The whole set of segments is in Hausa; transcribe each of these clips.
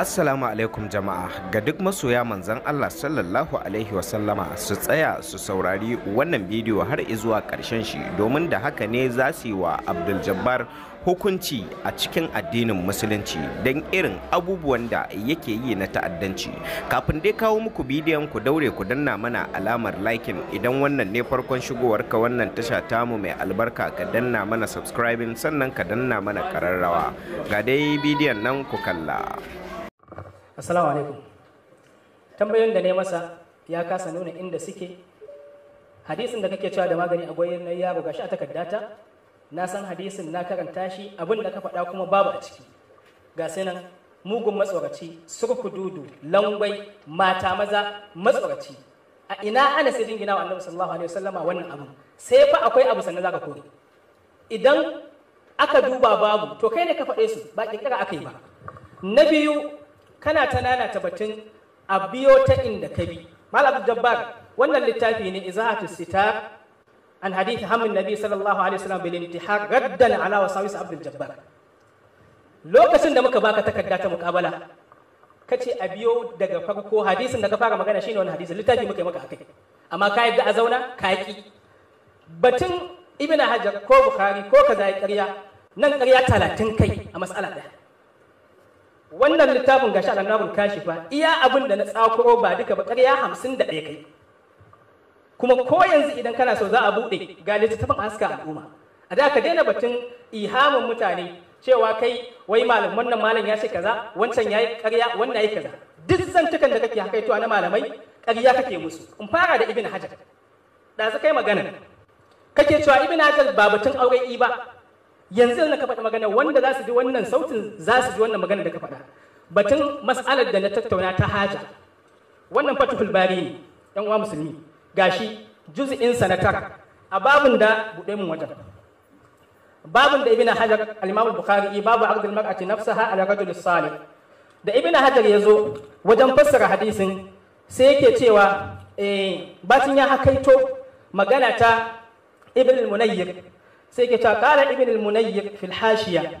Assalamu alaikum jama'a ga duk masoya manzan Allah sallallahu alaihi wasallama su tsaya su saurari wannan bidiyo har izuwa karshen shi domin da haka ne za su yi wa Abdul Jabbar hukunci a cikin addinin musulunci don irin abubuwan da yake yi na ta'addanci kafin dai kawo muku bidiyon ku daure ku danna mana alamar likin idan wannan ne farkon shigowar ka wannan tasha tamu mai albarka ka danna mana subscribing sannan ka danna mana kararrawa ga dai bidiyon nan ku kalla assalamu alaikum tambayoyin da ne masa ya kasa nuna inda suke hadisin da kake cewa da magani a goyon na yaro gashi a takaddata na san hadisin na karanta shi abin da ka faɗa kuma babu a ciki ga sai nan mugun matsoraci surkududu langwai mata maza matsoraci a ina ana sai dingina wa annabi sallallahu alaihi wasallama wannan abin sai fa akwai abu sannan zaka kore idan aka duba babu to kai ne ka faɗe su ba kirkira aka yi ba na biyu kana ta lalata batun a biyo ta inda ka bi malam jabbar wannan littafi ne izahatu sitar an hadith hamun nabi sallallahu alaihi wasallam bil intihar raddan ala wasawis abdul jabbar lokacin da muka baka takarda ta ka kace a biyo daga farko hadisin da ka fara magana shine wani hadisi littafi muka yi maka akai amma ka yadda a zauna ka ki batun ibn hajar ko bukhari ko kaza ya ƙarya nan ƙarya talatin kai a matsala ɗaya wannan littafin gashi al'annabul kashi fa iya abin da na tsakuro ba duka ba ƙarya hamsin da ɗaya kai kuma ko yanzu idan kana so za a buɗe ga littafin haska al'umma a da ka daina batun ihamin mutane cewa kai wai malam wannan malam ya ce kaza wancan ya yi ƙarya wannan ya yi kaza duk zantukan da kake hakaitowa na malamai ƙarya kake musu in fara da ibn hajar ɗazu kai magana kake cewa ibn hajar ba batun aure ba yanzu na ka faɗi magana wanda za su ji wannan sautin za su ji wannan magana da ka faɗa batun mas'alar da na tattauna ta haja wannan fatuhul bari ne yan uwa musulmi gashi juz'in sanatar a babun da buɗe mun wajen babun da ibn hajar al-imam al-bukhari babu Abdul mar'ati nafsaha ala rajul salih da ibn hajar ya zo wajen fassara hadisin sai yake cewa eh bacin ya hakaito magana ta ibn al-munayyir سيكتا قال ابن المنيق في الحاشية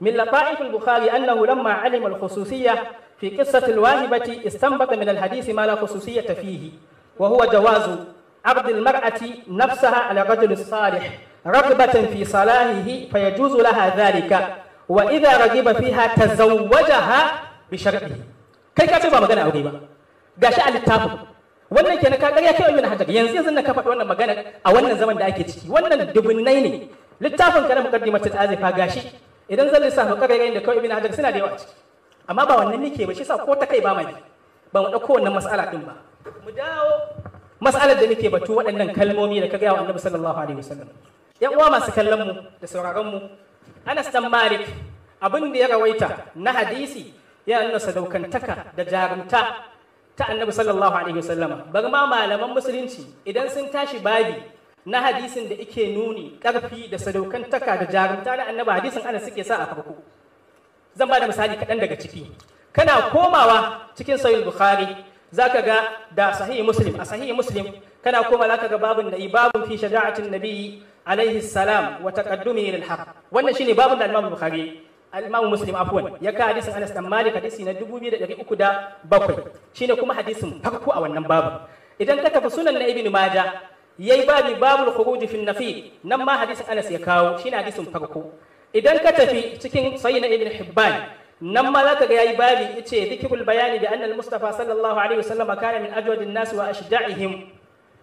من لطائف البخاري أنه لما علم الخصوصية في قصة الواهبة استنبط من الحديث ما لا خصوصية فيه وهو جواز عقد المرأة نفسها على الرجل الصالح رغبة في صلاحه فيجوز لها ذلك وإذا رغب فيها تزوجها بشرعه كيف تبقى مغنى أغيبا قاشا للتابق wannan kenan ka ya kai ibn hajar yanzu yanzu na ka wannan magana a wannan zaman da ake ciki wannan dubunnai ne littafin kana muqaddimatul azifa gashi idan zan lissafa ƙarerayen da kai ibn hajar suna da yawa ciki amma ba wannan nake ba shi sa ko ta kai ba mai ba mu ɗauko wannan mas'ala din ba mu dawo mas'alar da nake batu waɗannan kalmomi da ka ga annabi sallallahu alaihi wasallam yan uwa masu kallon mu da sauraron mu Anas dan Malik abin da ya rawaita na hadisi ya nuna sadaukantaka da jarumta ta annabi sallallahu alaihi wasallam bar ma malaman musulunci idan sun tashi babi na hadisin da ike nuni karfi da sadaukantaka da jarumta na annabi hadisin ana suke sa a farko zan ba da misali kaɗan daga ciki kana komawa cikin sahih bukhari zaka ga da sahih muslim a sahih muslim kana koma zaka ga babun da babun fi shaja'atin nabiyyi alaihi salam wa taqaddumi lil haqq wannan shine babun da al bukhari al-Imam Muslim afwan ya ka hadisin Anas dan Malik hadisi na da 2307 shine kuma hadisin farko a wannan babu idan ka tafi sunan na Ibn Majah yayi babi babu khuruj fi nafi nan ma hadisin Anas ya kawo ne hadisin farko idan ka tafi cikin sahih na Ibn Hibban nan ma zaka ya yi babi yace dhikrul bayani da anna al-Mustafa sallallahu alaihi wasallam kana min ajwadin nas wa ashda'ihim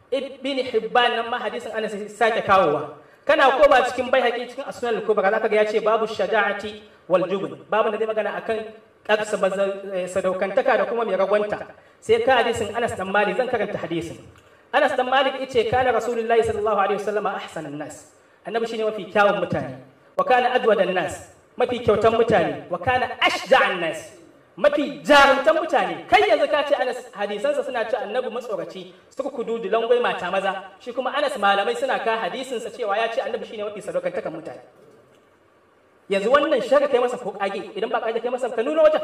Ibn Hibban nan ma hadisin Anas sake kawowa kana koma cikin bai haƙi cikin asunan kubra za ka ga ya ce babu shaja'ati wal babu da zai magana akan ƙarsa eh, sadaukantaka da kuma mai ragwanta sai ka hadisin Anas dan Malik zan karanta hadisin Anas dan Malik yace kana Rasulullahi sallallahu alaihi wasallam ahsanan nas annabi shine mafi kyawun mutane wa kana adwadan nas mafi kyautan mutane wa kana ashja'an nas mafi jarumtan mutane kai yanzu ka ce anas hadisansa suna ci annabi matsoraci suka kudu da langwai mata maza shi kuma anas malamai suna ka hadisinsa cewa ya ce annabi shine mafi sadaukantakan mutane yanzu wannan shari kai masa ko kage idan ba kage kai masa ka nuna wajen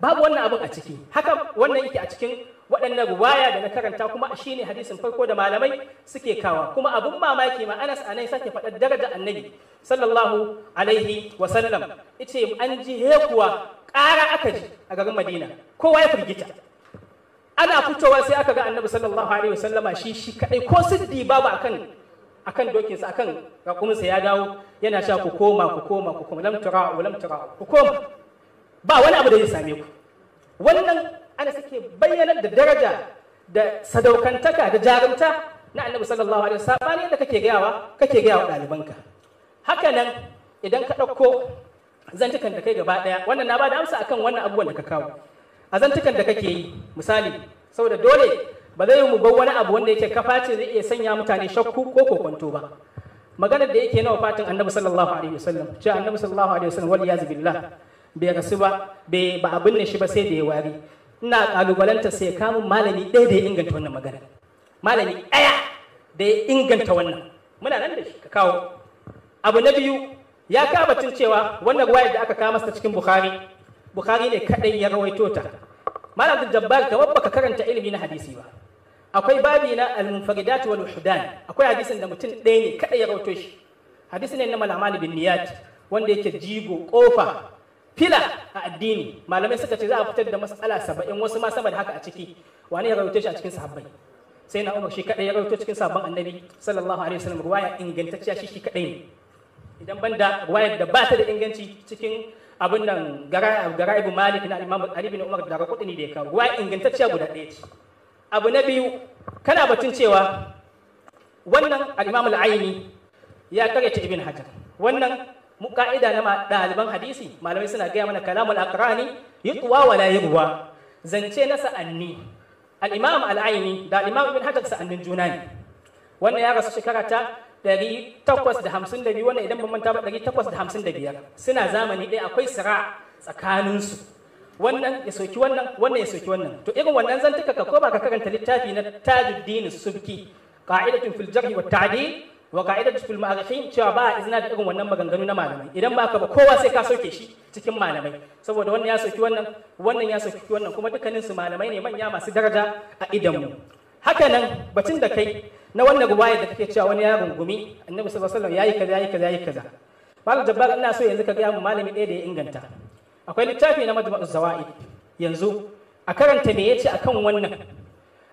babu wannan abin a ciki haka wannan yake a cikin waɗannan ruwaya da na karanta kuma shi ne hadisin farko da malamai suke kawa kuma abin mamaki ma anas anai sake faɗar daraja annabi sallallahu alaihi wa sallam ice an ji hekuwa ƙara aka ji a garin madina kowa ya firgita ana fitowa sai aka ga annabi sallallahu alaihi wa sallama shi shi kaɗai ko siddi babu akan akan dokinsa akan raƙuminsa ya dawo yana sha ku koma ku koma ku koma lam tura'u lam tura'u ku koma ba wani abu da zai same ku wannan ana suke bayyanar da daraja da sadaukantaka da jarumta na annabi sallallahu alaihi wasallam yadda kake gayawa kake gayawa ɗalibanka haka nan idan ka ɗauko zantukan da kai gaba ɗaya wannan na ba da amsa akan wannan abubuwan da ka kawo a zantukan da kake yi misali saboda dole ba zai mu bar wani abu wanda yake kafa ce zai iya sanya mutane shakku ko kokonto ba maganar da yake nawa fatan annabi sallallahu alaihi wasallam ce annabi sallallahu alaihi wasallam wal billah bai rasu ba bai ba abin binne shi ba sai da ya wari ina kalubalanta sai kamun malami ɗaya da ya inganta wannan magana malami ɗaya da ya inganta wannan muna nan da shi ka kawo abu na biyu ya kama tun cewa wannan ruwayar da aka kawo masa cikin bukhari bukhari ne kaɗai ya rawaito ta malam jabbar ka kamar ka karanta ilimi na hadisi ba akwai babi na al-munfaridat wal akwai hadisin da mutum ɗaya ne kaɗai ya rawaito shi hadisi ne na malamani bin niyat wanda yake jigo kofa fila a addini malamai suka ce za a fitar da matsala saba'in wasu ma sama da haka a ciki wane ya rawaito shi a cikin sahabbai sai na umar shi kadai ya rawaito cikin sabon annabi sallallahu alaihi wasallam ruwaya ingantacciya shi shi kadai ne idan banda ruwayar da ba ta da inganci cikin abin nan gara'ibu malik na imam ali bin umar daga kudi ne da ya kawo ruwaya ingantacciya guda ɗaya ce abu na biyu kana batun cewa wannan al-imam al-aini ya karyata ibn hajar wannan mu ka'ida na ɗaliban hadisi malamai suna gaya mana kalamul aqrani yutwa wala yubwa zance na sa'anni al-imam al-aini da al-imam ibn hajar sa'annin juna ne wannan ya rasu shekara ta 852 wannan idan ban manta ba 855 suna zamani ɗaya akwai sira tsakaninsu wannan ya soki wannan wannan ya soki wannan to irin wannan zantuka ka ko ba ka karanta littafi na tajuddin subki qa'idatun fil jarh wa ta'dil wa ka'idar fil ma'arifin cewa ba a izina da irin wannan maganganu na malamai idan ba ka ba kowa sai ka soke shi cikin malamai saboda wannan ya soki wannan wannan ya soki wannan kuma dukkanin su malamai ne manya masu daraja a idan haka nan batun da kai na wannan ruwaya da kake cewa wani ya rungumi annabi sallallahu alaihi wasallam yayi kaza yayi kaza yayi kaza malam jabbar ina so yanzu ka ga mu malami ɗaya da ya inganta akwai littafi na majma'u zawaid yanzu a karanta me yace akan wannan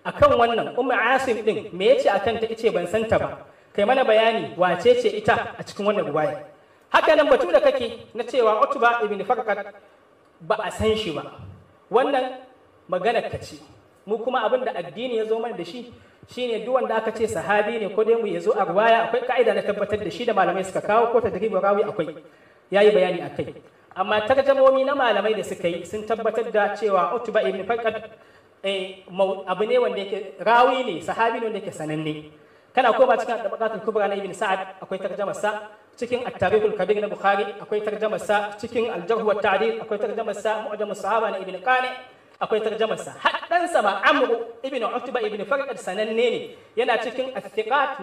akan wannan ummu asim din me yace akan ta ice ban san ta ba kai mana bayani wace ce ita a cikin wannan ruwaya haka nan batu da kake na cewa utba ibn farqat ba a san shi ba wannan magana ka ce mu kuma abin da addini ya zo mana da shi shine duk wanda aka ce sahabi ne ko dai mu zo a ruwaya akwai ka'ida na tabbatar da shi da malamai suka kawo ko ta tadribin rawi akwai yayi bayani akai amma tarjamomi na malamai da suka yi sun tabbatar da cewa utba ibn farqat eh, abu ne wanda yake rawi ne sahabi ne wanda yake sananne kana ko ba cikin tabaqatul kubra na ibn sa'ad akwai tarjamar sa cikin at-tarikhul kabir na bukhari akwai tarjamar sa cikin al-jarh wa ta'dil akwai tarjamar sa mu'jam sahaba na ibn qani akwai tarjamar sa haddan sa amru ibn utba ibn farqad sananne ne yana cikin as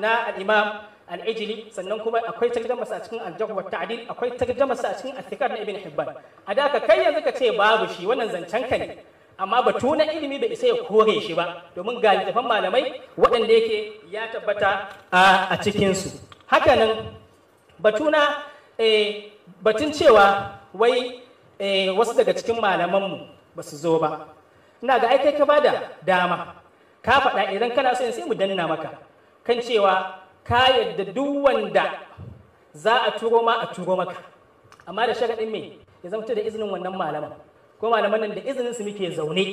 na al-imam al-ijli sannan kuma akwai tarjamar sa cikin al-jarh wa ta'dil akwai tarjamar sa cikin as-siqat na ibn hibban adaka kai yanzu ka ce babu shi wannan zancen ka ne amma batu na ilimi bai isa ya kore shi ba domin ga littafan malamai waɗanda yake ya tabbata a cikinsu haka nan batu na eh, batun cewa wai eh, wasu daga cikin malamanmu ba su zo ba na ga aikai ka da dama ka faɗa idan kana so sai mu danna maka kan cewa ka yadda duk wanda za a turo ma a turo maka amma da sharaɗin me ya zama da izinin wannan malaman ko malaman nan da izinin su muke zaune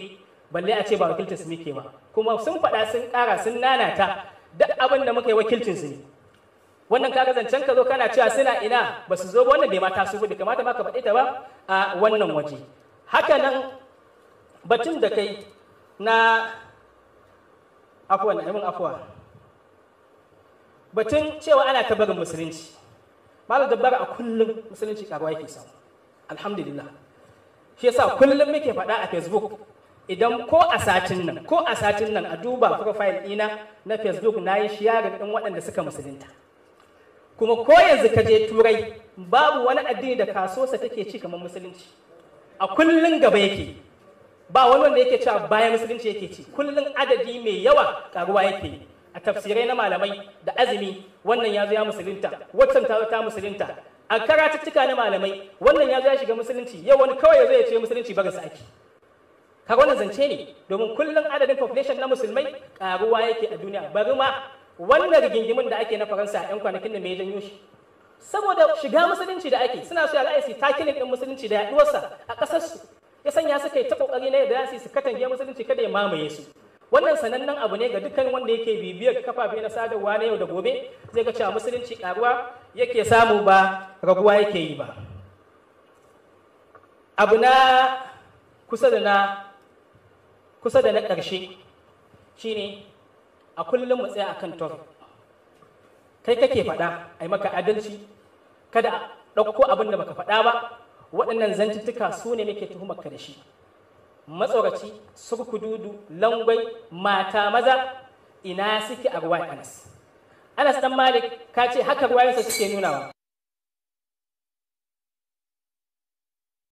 balle a ce ba wakiltar su muke ba kuma sun faɗa sun ƙara sun nanata duk abin da muka yi wakilcin su ne wannan kaga zancen ka zo kana cewa suna ina ba su zo ba wannan bai mata su bai kamata ma ka faɗi ta ba a wannan waje haka nan batun da kai na afuwa na yamin afuwa batun cewa ana ta barin musulunci malam dabbar a kullum musulunci karuwa yake samu alhamdulillah shi yasa kullum muke faɗa a facebook idan ko a satin nan ko a satin nan a duba profile ɗina na facebook na yi yarin ɗin waɗanda suka musulunta kuma ko yanzu ka je turai babu wani addini da kasosa take ci kamar musulunci a kullum gaba yake ba wani wanda yake cewa bayan musulunci yake ci kullum adadi mai yawa karuwa yake a tafsirai na malamai da azumi wannan ya ya musulunta waccan ta ta musulunta a karatuttuka na malamai wannan ya zo ya shiga musulunci yau wani kawai ya zo ya ce musulunci ba ga ake kaga wannan zance ne domin kullum adadin population na musulmai karuwa yake a duniya bari ma wannan rigingimin da ake na faransa a yan kwanakin da mai janyo shi saboda shiga musulunci da ake suna so ya su takilin din musulunci da yaduwarsa a ƙasarsu ya sanya suka yi ta kokari na yadda su katange musulunci kada ya mamaye su wannan sanannen abu ne ga dukkan wanda yake bibiyar kafafe na sadarwa na yau da gobe zai ga cewa musulunci karuwa yake samu ba raguwa yake yi ba abu na kusa da na kusa da na ƙarshe shine a kullum mu tsaya akan tor kai kake faɗa a yi maka adalci kada a ɗauko abin da baka faɗa ba waɗannan zantuttuka su ne muke tuhumarka da shi matsoraci surkududu langwai mata maza ina suke a ruwan anas anas dan malik ka ce haka ruwayansa suke nunawa